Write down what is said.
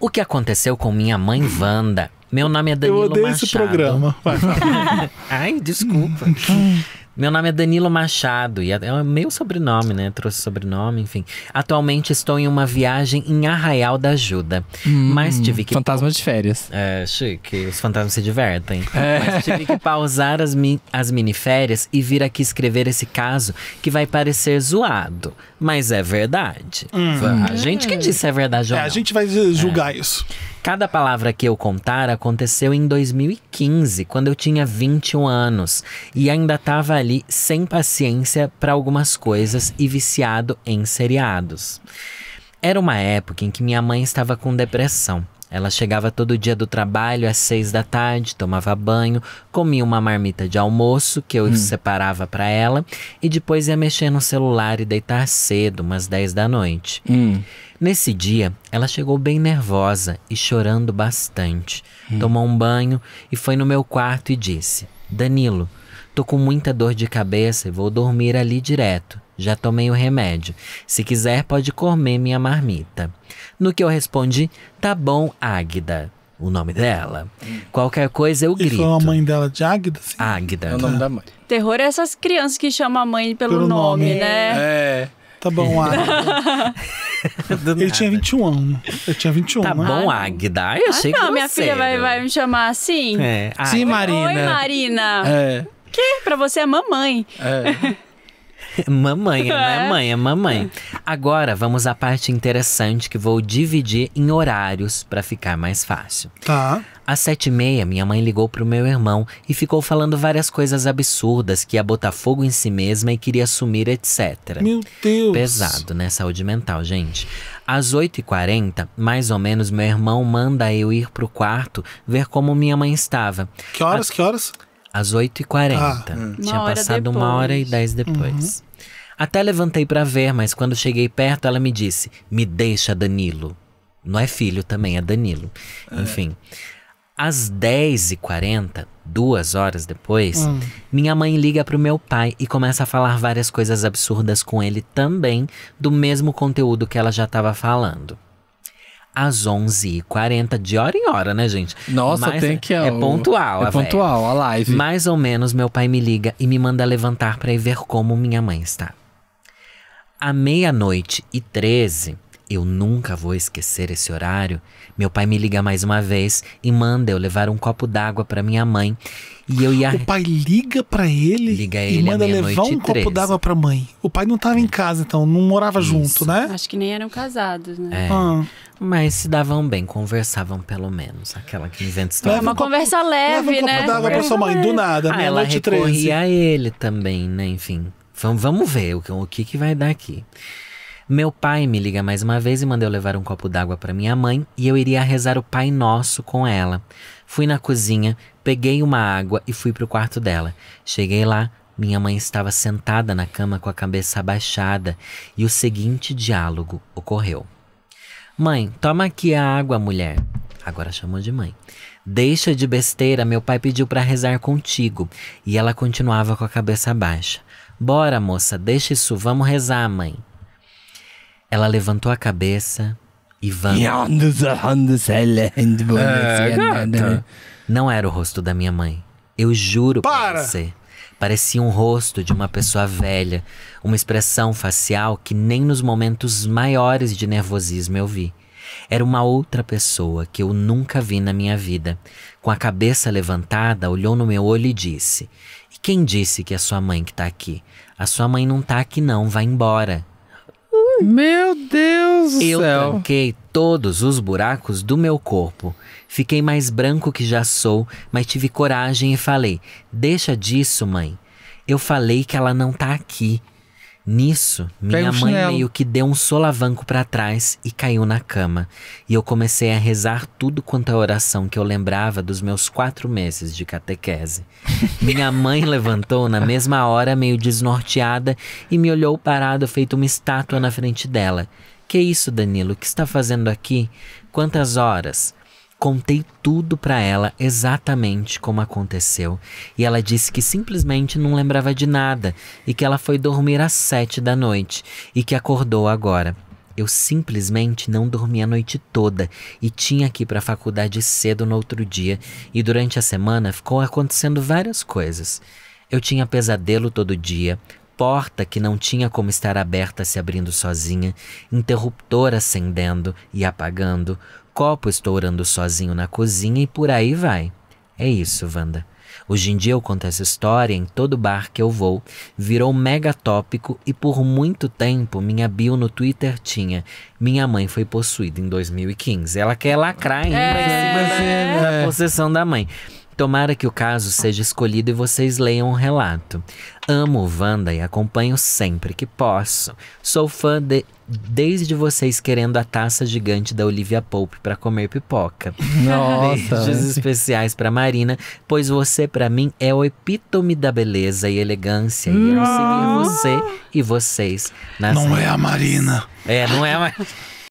O que aconteceu com minha mãe Wanda? Meu nome é Danilo Machado. Eu odeio Machado. esse programa. Ai, desculpa. Meu nome é Danilo Machado e é, é meu sobrenome, né? Trouxe sobrenome, enfim. Atualmente estou em uma viagem em Arraial da Ajuda, hum, mas tive que fantasma de férias. É chique, os fantasmas se divertem. É. Mas tive que pausar as, mi as miniférias e vir aqui escrever esse caso que vai parecer zoado, mas é verdade. Hum. hum. A gente que disse é verdade. Ou é, não. a gente vai julgar é. isso. Cada palavra que eu contar aconteceu em 2015, quando eu tinha 21 anos e ainda estava ali sem paciência para algumas coisas e viciado em seriados. Era uma época em que minha mãe estava com depressão ela chegava todo dia do trabalho às seis da tarde, tomava banho, comia uma marmita de almoço que eu hum. separava para ela e depois ia mexer no celular e deitar cedo, umas dez da noite. Hum. Nesse dia, ela chegou bem nervosa e chorando bastante. Hum. Tomou um banho e foi no meu quarto e disse: Danilo, tô com muita dor de cabeça e vou dormir ali direto já tomei o remédio. Se quiser, pode comer minha marmita. No que eu respondi, tá bom, Águida. O nome dela. Qualquer coisa eu grito. E foi a mãe dela de Águida? Sim. Águida. É o nome da mãe. Terror é essas crianças que chamam a mãe pelo, pelo nome, nome, né? É. Tá bom, Águida. ele tinha 21 anos. Eu tinha 21, tá né? Tá bom, Águida. Ah, eu ah, não, que Não, minha filha vai, vai me chamar assim? É. Sim, ah, Marina. Oi, Marina. É. Que? Pra você é mamãe. É. mamãe, é, é mamãe, é mamãe. Agora vamos à parte interessante que vou dividir em horários para ficar mais fácil. Tá. Às sete e meia, minha mãe ligou pro meu irmão e ficou falando várias coisas absurdas, que ia botar fogo em si mesma e queria sumir, etc. Meu Deus! Pesado, né? Saúde mental, gente. Às 8h40, mais ou menos, meu irmão manda eu ir pro quarto ver como minha mãe estava. Que horas, A... que horas? Às 8h40. Ah, hum. Tinha passado depois. uma hora e dez depois. Uhum. Até levantei para ver, mas quando cheguei perto, ela me disse: Me deixa, Danilo. Não é filho também, é Danilo. É. Enfim. Às 10h40, duas horas depois, hum. minha mãe liga pro meu pai e começa a falar várias coisas absurdas com ele também, do mesmo conteúdo que ela já estava falando às 11h40, de hora em hora, né, gente? Nossa, Mas tem que... É, é pontual. É a pontual, a live. Mais ou menos, meu pai me liga e me manda levantar para ir ver como minha mãe está. À meia-noite e 13, eu nunca vou esquecer esse horário, meu pai me liga mais uma vez e manda eu levar um copo d'água para minha mãe e eu ia... O pai liga para ele, liga ele e manda levar um copo d'água pra mãe. O pai não tava é. em casa, então, não morava Isso. junto, né? Acho que nem eram casados, né? É. Ah. Mas se davam bem, conversavam pelo menos. Aquela que inventa história. É uma conversa leve, leva um né? Copo d'água pra sua mãe, do nada, ah, meia-noite 13. a ele também, né? Enfim. Vamos, vamos ver o que, o que, que vai dar aqui. Meu pai me liga mais uma vez e manda eu levar um copo d'água para minha mãe e eu iria rezar o Pai Nosso com ela. Fui na cozinha, peguei uma água e fui para o quarto dela. Cheguei lá, minha mãe estava sentada na cama com a cabeça abaixada e o seguinte diálogo ocorreu: Mãe, toma aqui a água, mulher. Agora chamou de mãe. Deixa de besteira, meu pai pediu para rezar contigo. E ela continuava com a cabeça baixa. Bora, moça, deixa isso, vamos rezar, mãe. Ela levantou a cabeça e Van. É, né, né? Não era o rosto da minha mãe. Eu juro Para! você. Parecia um rosto de uma pessoa velha, uma expressão facial que nem nos momentos maiores de nervosismo eu vi. Era uma outra pessoa que eu nunca vi na minha vida. Com a cabeça levantada, olhou no meu olho e disse: E quem disse que é sua mãe que tá aqui? A sua mãe não tá aqui, não, vai embora. Meu Deus do Eu céu. Eu tranquei todos os buracos do meu corpo. Fiquei mais branco que já sou, mas tive coragem e falei: Deixa disso, mãe. Eu falei que ela não tá aqui. Nisso, minha mãe meio que deu um solavanco para trás e caiu na cama. E eu comecei a rezar tudo quanto a oração que eu lembrava dos meus quatro meses de catequese. minha mãe levantou na mesma hora, meio desnorteada, e me olhou parado, feito uma estátua na frente dela. Que isso, Danilo? O que está fazendo aqui? Quantas horas? Contei tudo para ela exatamente como aconteceu e ela disse que simplesmente não lembrava de nada e que ela foi dormir às sete da noite e que acordou agora. Eu simplesmente não dormi a noite toda e tinha que ir para a faculdade cedo no outro dia, e durante a semana ficou acontecendo várias coisas. Eu tinha pesadelo todo dia, porta que não tinha como estar aberta se abrindo sozinha, interruptor acendendo e apagando, copo estourando sozinho na cozinha e por aí vai. É isso, Wanda. Hoje em dia eu conto essa história em todo bar que eu vou, virou mega tópico e por muito tempo minha bio no Twitter tinha Minha mãe foi possuída em 2015. Ela quer lacrar ainda é, em cima da possessão da mãe. Tomara que o caso seja escolhido e vocês leiam o um relato. Amo o Wanda e acompanho sempre que posso. Sou fã de, desde vocês querendo a taça gigante da Olivia Pope para comer pipoca. Nossa! Beijos especiais para Marina, pois você para mim é o epítome da beleza e elegância. E eu seguir você e vocês. Nas... Não é a Marina. É, não é a Marina.